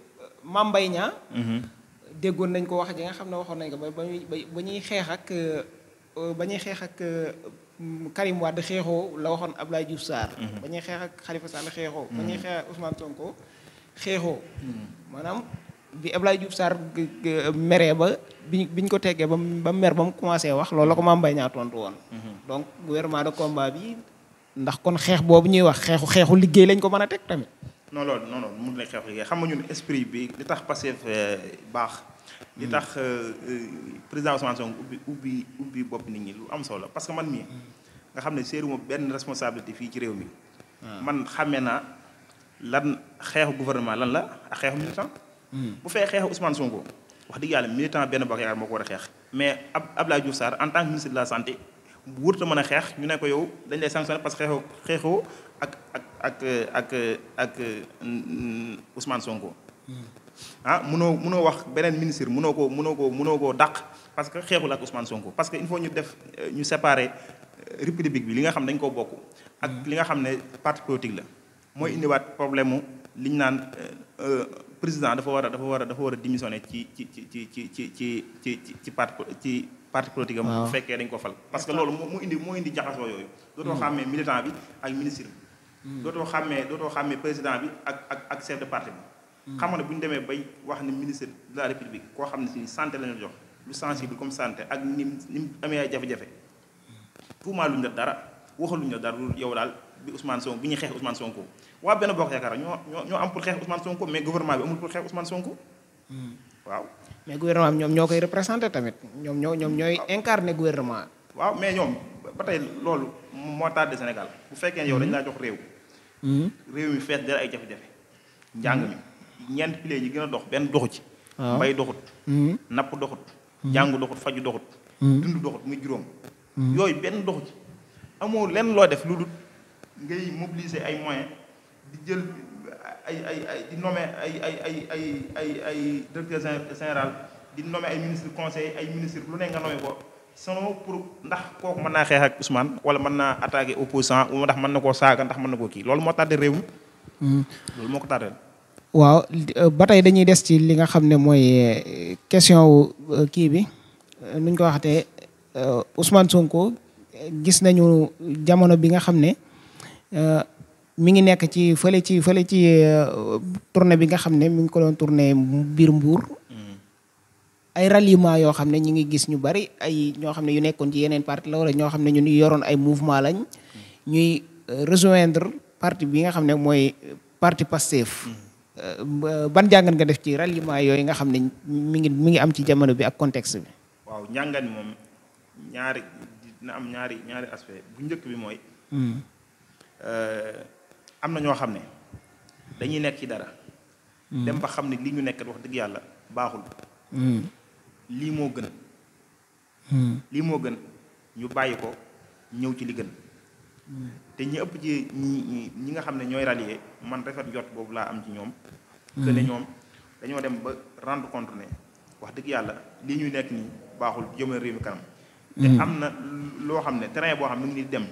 Mame Mbaye Niang. Hmm. déggoon nañ ko wax ji nga xam ne waxoon nañ ko ba ba ñuy xeex ak ba ñuy xeex ak. Euh, Karim de xeexoo la waxoon Abdoulaye Diouf Sarr. Mhm. ba ñuy xeex ak Khalifa Sall xeexoo. ba ñuy mhm. xeex ak Ousmane Sonko xeexoo. Mhm. maanaam bi Abdoulaye Diouf Sarr meree ba bi biñ ko teggee ba ba mer ba mu commencé wax loolu la ko Mame Mbaye tontu woon. donc gouvernement de combat bi ndax kon xeex boobu ñuy wax xeexu xeexu liggéey lañ ko mën a teg tamit. non loolu non non na xeexu liggéey xam ñun esprit bi li tax passé euh, baax. li tax euh, euh, président Ousmane Sonko ubbi ubbi bopp nit ñi lu am solo parce que man mii nga xam ne séeruma benn responsabilité fii ci réew mi. Ah. man xàmme naa lan xeexu gouvernement lan la ak xeexu militant. Hmm. bu fee xeexu Ousmane wax dëgg yàlla militant benn bokk moo ko a xeex. mais ab Abdoulaye Diouf Sarr en tant que ministre de la santé wurta mën a xeex ñu ne ko yow dañ lay sanctionné parce que xeexoo ak ak ak ak ak euh, Ousmane Sonko. Hmm. ah munoo munoo wax beneen ministre munoo koo munoo ko koo daq parce que xeexul ak Ousmane Sonko parce que il faut ñu def euh, ñu séparer euh, république bi li nga xam dañ ko bokk ak li nga xam ne parti politique la mooy indiwaat problème mu li ñu naan euh, président dafa war a dafa war a dafa war a démissionner ci ci ci ci ci ci ci ci ci ci parti ci parti politique am bu fekkee dañ ko fal parce que loolu mu indi moo indi jaxasoo yooyu dootoo xàmmee militant bi ak ministre bi hmm. dootoo xàmmee dootoo xàmmee président bi ak ak ak chef de parti bi xam nga ne bu ñu demee bay wax ne ministre de la république koo xam ne si santé la jox lu sensible comme santé ak ni mu ni mu amee ay jafe-jafe tuumaa ñu la dara waxaluñ la dara yow daal bi Ousmane Sonko bi ñuy xeex Ousmane Sonko waa benn bokk yaakaar ñoo ñoo ñoo am pour xeex Ousmane Sonko mais gouvernement bi amul pour xeex Ousmane Sonko. Hmm. waaw. mais gouvernement bi ñoom ñoo koy représenté tamit ñoom ñoo ñoom ñooy incarné gouvernement. waaw mais ñoom ba tey loolu moo de Sénégal bu fekkee yow dañ laa jox réew. Hmm. réew mi fees dara ay jafe-jafe njàng mi. ñeent pilier yi gën a dox benn doxu ci. mbay doxut. Hmm. napp doxut. Hmm. jàngu doxut faju doxut. Hmm. dund doxut muy juróom. yooyu benn doxu ci amoo lenn loo def lu dul ngay mobiliser ay moyens di jël ay ay ay di nommer ay ay ay ay ay ay directeur général di nommer ay ministre conseil ay ministre lu ne nga nommer ko sama pour ndax kooku mën naa xeex ak Ousmane wala mën naa attaquer opposant ou ndax mën na koo saaga ndax mën na koo kii loolu moo tardé réew mi loolu moo ko tardé waaw ba tey dañuy des ci li nga xam ne mooy euh, question euh, kii bi euh, nuñ ko waxatee Ousmane Sonko gis nañu jamono bi nga xam ne mi ngi nekk ci fële ci fële ci tournée bi nga xam ne mu ngi ko doon tournée biir Mbuur mm. ay ralliement yoo xam ne ñu ngi gis ñu bari ay ñoo xam ne yu nekkoon ci yeneen partie la wala ñoo xam ne ñu ngi yoroon ay mouvement lañ mm. ñuy rejoindre partie bi nga xam ne mooy parti Pastef mm. ban jàngat nga def ci ralliement yooyu nga xam ne mi ngi mi ngi am ci jamono bi ak contexte bi. waaw njàngat moom ñaari dina am ñaari ñaari aspect bu njëkk bi mooy. Hmm. Euh, am na ñoo xam ne dañuy nekk ci dara. Hmm. dem ba xam ne li ñu nekkat wax dëgg yàlla baaxul. Hmm. lii moo gën. lii moo gën ñu bàyyi ko ñëw ci li gën. te ñi ëpp ci ñi ñi nga xam ne ñooy rallier man rafet jot boobu laa am ci ñoom. que hmm. ne ñoom dañoo dem ba rendre compte ne wax dëgg yàlla lii ñuy nekk nii baaxul jëmale réew mi kanam. te hmm. am na loo xam ne terrain boo xam ne mu ngi dem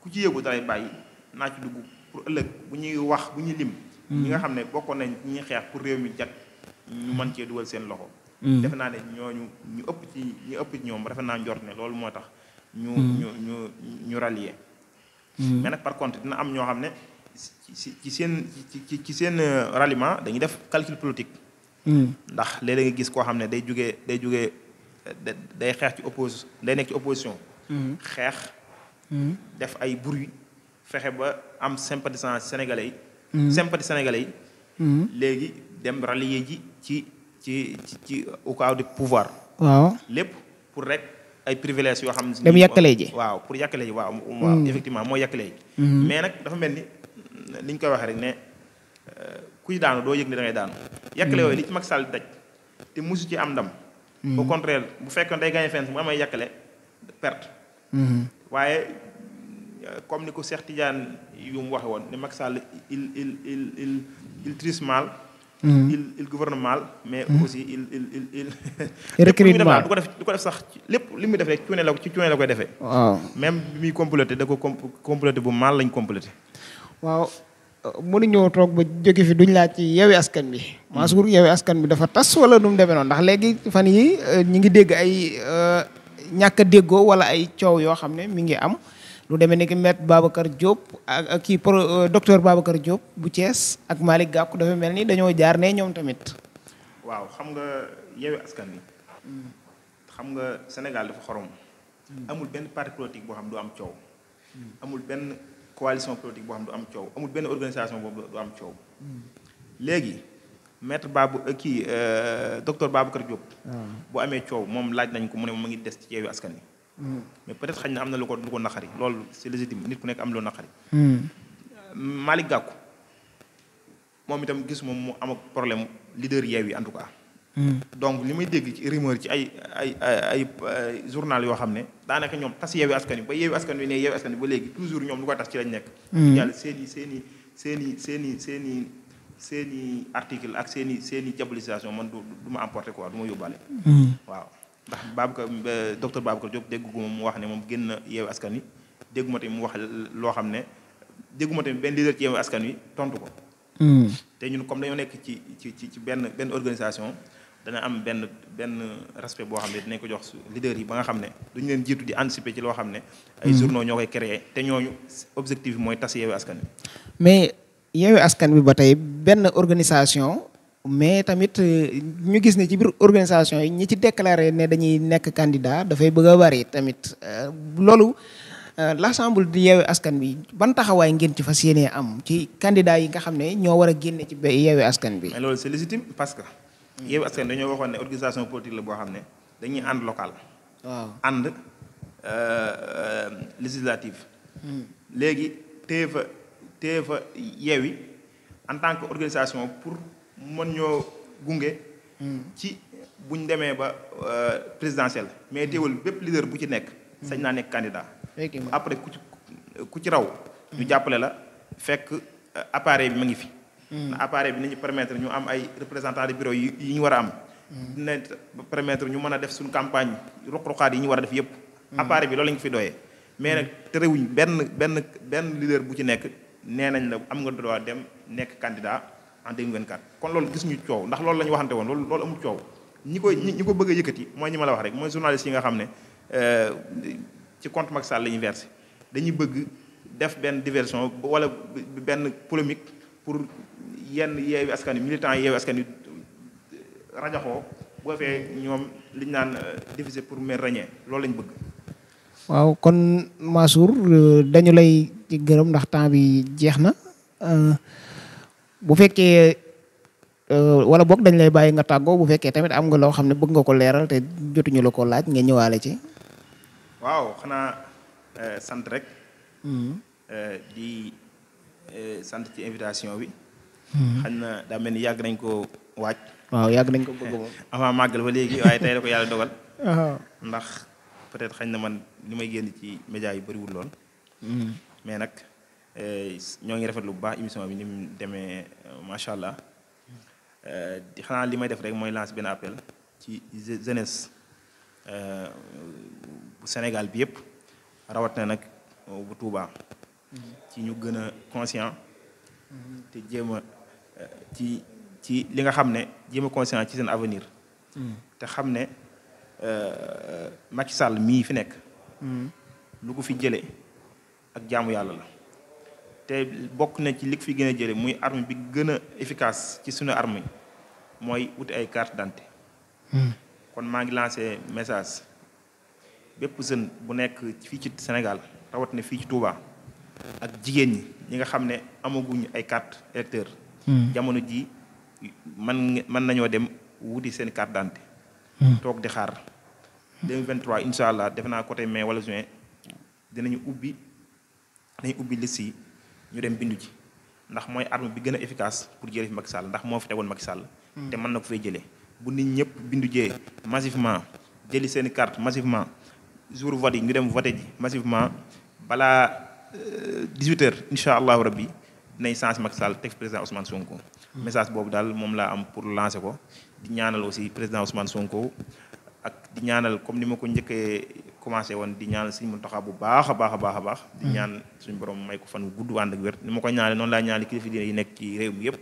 ku ci yëgu dalay bàyyi naa ci dugg pour ëllëg bu ñuy wax bu ñuy lim. Hmm. ñi nga xam ne bokkoon nañ ñuy xeex pour réew mi jag ñu mën cee dugal seen loxo. defe naa ne ñooñu ñu ëpp ci ñu ëpp ci ñoom rafet naa njort ne loolu moo tax. ñu ñu ñu ñu rallier. Mm-hmm. mais nag par contre dina am ñoo xam ne ci seen ci ci seen euh, ralliement dañuy def calcul politique. Mm-hmm. ndax léeg-léeg nga gis koo xam ne day jóge day jugee day xeex ci oppos day nekk ci opposition. Mm-hmm. xeex. def ay bruit fexe ba am sympathisant sénégalais yi. sympathie sénégalais yi. léegi dem rallier ji ci ci ci au cas du pouvoir. waaw lépp pour rek. ay privilèges yoo xam ne. dem yàkkalee ji waaw pour yàkkalee ji waaw. waaw mm. effectivement moo yàkkalee ji. Mm-hmm. mais nag dafa mel ni li ñu koy waxee rek ne euh, kuy daanu doo yëg ne da ngay daanu. yàkkale yooyu mm-hmm. li ci Macky Sall daj te mosu ci am ndam. Mm-hmm. au contraire bu fekkoon day gagné fenn mu amay yàkkale perte. waaye euh, comme ni ko seex Tidiane yu mu waxee woon ne Macky Sall il il il mal. Mm-hmm. il il gouverne mais mm-hmm. aussi il il il il. du ko def du sax lépp li muy def rek cuune la ci cuune la koy defee. waaw même bi muy complété da ko complété bu mal lañ complété. waaw mënuñoo toog ba jóge fi duñ laaj ci yewi askan bi. Mm-hmm. Mansour yewi askan bi dafa tas wala nu demee noonu ndax léegi fan yi euh, ñi ngi dégg ay euh, ñàkk a déggoo wala ay coow yoo xam ne mi ngi am. lu demee ni ki maître Babacar Diop ak kii pro euh, docteur Babacar Diop bu cees ak Malick Gakou dafa mel nii dañoo jaar ne ñoom tamit. waaw xam nga yeewi askan bi xam nga Sénégal dafa xorom. amul benn parti politique boo xam du am coow. amul benn coalition politique boo xam du am coow amul benn organisation boobu du am coow. léegi maître Babou euh, kii euh, docteur Babacar Diop. Ah. bu amee coow moom laaj nañ ko mu ne ma ngi des ci yeewi askan wi. mais peut être xañ na am na lu ko lu ko naqari loolu c' est légitime nit ku nekk am lu naqari. Hmm. Malick Gakou moom itam gis moom mu am ak problème leader yeew yi en tout cas. Hmm. donc li may dégg ci rumeur ci ay ay ay ay journal yoo xam ne daanaka ñoom tas yeewi askan wi ba yeewi askan wi ne yeewi ba léegi toujours ñoom lu koy tas ci lañ nekk. seeni hmm. seen i seeni i seen i seen i seeni i seen i article ak seeni seeni seen i diabolisation man du du ma emporter ndax Babacar euh, docteur Babacar Diop dégguma mu wax ne moom génn yeewu askan wi dégguma tamit mu wax loo xam ne dégguma tamit benn leader ci yeewu askan wi ko. Hmm. te ñun comme dañoo nekk ci ci ci benn benn organisation dana am benn benn respect boo xam ne dinañ ko jox leader yi ba nga xam ne dañu leen jiitu di anticiper ci loo xam ne. ay hmm. journaux ñoo koy créé te ñooñu objectif mooy tas yeewu askan wi. mais yeewu askan bi ba tey benn organisation. mais tamit euh, ñu gis ne ci biir organisation yi ñi ci déclaré ne dañuy nekk candidat dafay bëgg a bari tamit euh, loolu euh, l'ensemble di yeewe askan bi ban taxawaay ngeen ci fas yéenee am ci candidat yi nga xam ne ñoo war a génne ci yeewe askan bi. mais loolu c'est légitime parce que. yeewe askan dañoo waxoon ne organisation politique la boo xam ne dañuy ànd local. ànd législative. Hmm. léegi téye fa téye fa yeewi en tant que organisation pour. mën ñoo gunge. ci buñ demee ba euh, présidentielle mais teewul bépp leader bu ci nekk. sañ naa nekk candidat. après ku ci ku ci raw. ñu jàppale la fekk euh, appareil bi ma ngi fi. Hmm. na appareil bi nañu permettre ñu am ay représentants de bureau yi ñu war a am. dina hmm. permettre ñu mën a def suñu campagne ruq-ruqaat yi ñu war a def yëpp. Hmm. appareil bi loolu lañu fi doyee. mais nag terewuñ benn benn benn leader bu ci nekk nee nañ la am nga droit dem nekk candidat. en 2024 kon loolu gis ñu coow ndax lool la ñu waxante woon loolu loolu amul coow ñi koy ñi ko bëgg a yëkkati mooy ñi ma la wax rek mooy journaliste yi nga xam ne euh, ci compte Macky Sall la ñuy versé dañuy bëgg def benn diversion wala benn polémique pour yenn yeewi askan wi militant yeewi askan euh, rajaxoo boo fee ñoom li ñu naan euh, diviser pour mieux régner loolu lañ bëgg. waaw kon Mansour dañu lay gërëm ndax temps bi jeex na. bu fekkee euh, wala boog dañ lay bàyyi nga tàggoo bu fekkee tamit am nga loo xam ne bëgg nga ko leeral te jotuñu la ko laaj nga ñëwaale ci. waaw xanaa euh, sant rek. Hmm. Euh, di sant ci invitation bi. Hmm. xam na daa mel ni yàgg nañ ko waaj. waaw yàgg nañ ko bëgg moom. avant màggal ba léegi waaye tey la ko yàlla dogal. ndax peut-être xañ na man li may génn ci média yu bëriwul lool. Hmm. mais nag. Eh, ñoo ngi rafetlu bu baax émission bi ni mu demee euh, macha allah eh, di xanaa li may def rek mooy lancer benn appel ci jeunesse euh, bu Sénégal bi yëpp rawat na nag euh, bu Touba. Mm-hmm. ci ñu gën a conscient. Mm-hmm. te jéem ci ci li nga xam ne jéem a conscient ci seen avenir. Mm-hmm. te xam ne Macky Sall mii fi nekk. lu ko fi jëlee ak jaamu yàlla la. te bokk na ci li fi gën a jële muy arme bi gën a efficace ci suñu arme mooy wuti ay carte d'identité hmm. kon maa ngi lancé message bépp jeune bu nekk fii ci Sénégal rawat na fii ci Touba ak jigéen ñi ñi nga xam ne amaguñu ay carte électeur hmm. jamono ji man mën nañoo dem wuti seen carte d'identité hmm. toog di xaar 2023 incha allah def naa côté mais wala juin dinañu ubbi dinañu ubbi liste yi ñu dem bindu ji ndax mooy arme bi gën a efficace pour jëlee fi Macky Sall ndax moo fi tegoon Macky Sall. Hmm. te mën na ko fay jëlee bu nit ñëpp bindu jee massivement jëli seen i carte massivement jour vote yi ñu dem voté ji massivement balaa 18h euh, incha allahu rabbi dinañ changé Macky Sall teg président Ousmane Sonko. Hmm. message boobu daal moom laa am pour lancer ko di ñaanal aussi président Ousmane Sonko ak di ñaanal comme ni ma ko njëkkee. commencé woon di ñaanal sëñ Muntaxa bu baax a baax a baax a baax di mm. ñaan suñu borom may ko fan gudd waan ak wér ni ma ko ñaanale noonu laa ñaanale kilifa diine yi nekk ci réew mi yëpp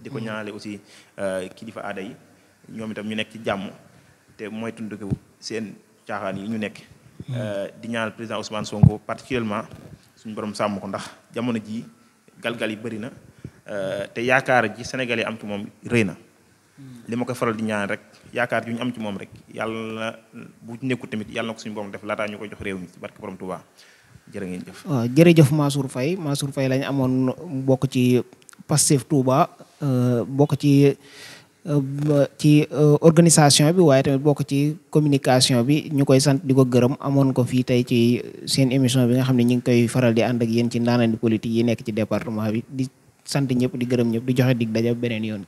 di ko mm. ñaanale aussi euh, kilifa aada yi ñoom itam ñu nekk ci jàmm te mooy tunduko seen caaxaan yi ñu nekk mm. euh, di ñaanal président Ousmane Sonko particulièrement suñu borom sàmm ko ndax jamono ji galgali yi bëri na euh, te yaakaar ji Sénégal am ci moom rëy na li ma ko faral di ñaan rek yaakaar ju ñu am ci moom rek yàlla bu nekku tamit yàlla na ko suñ borom def laataa ñu koy jox réew mi ci barke borom Touba jërë ngeen jëf. waaw jërëjëf Mansour fay Mansour Faye lañu amoon bokk ci Pastef Touba euh, bokk ci euh, ci euh, organisation bi waaye tamit bokk ci communication bi ñu koy sant di ko gërëm amoon ko fii tey ci seen émission bi nga xam ne ñu ngi koy faral di ànd ak yéen ci ndaanani politique yi nekk ci département bi di sant ñëpp di gërëm ñëpp di joxe dig daja beneen yoon.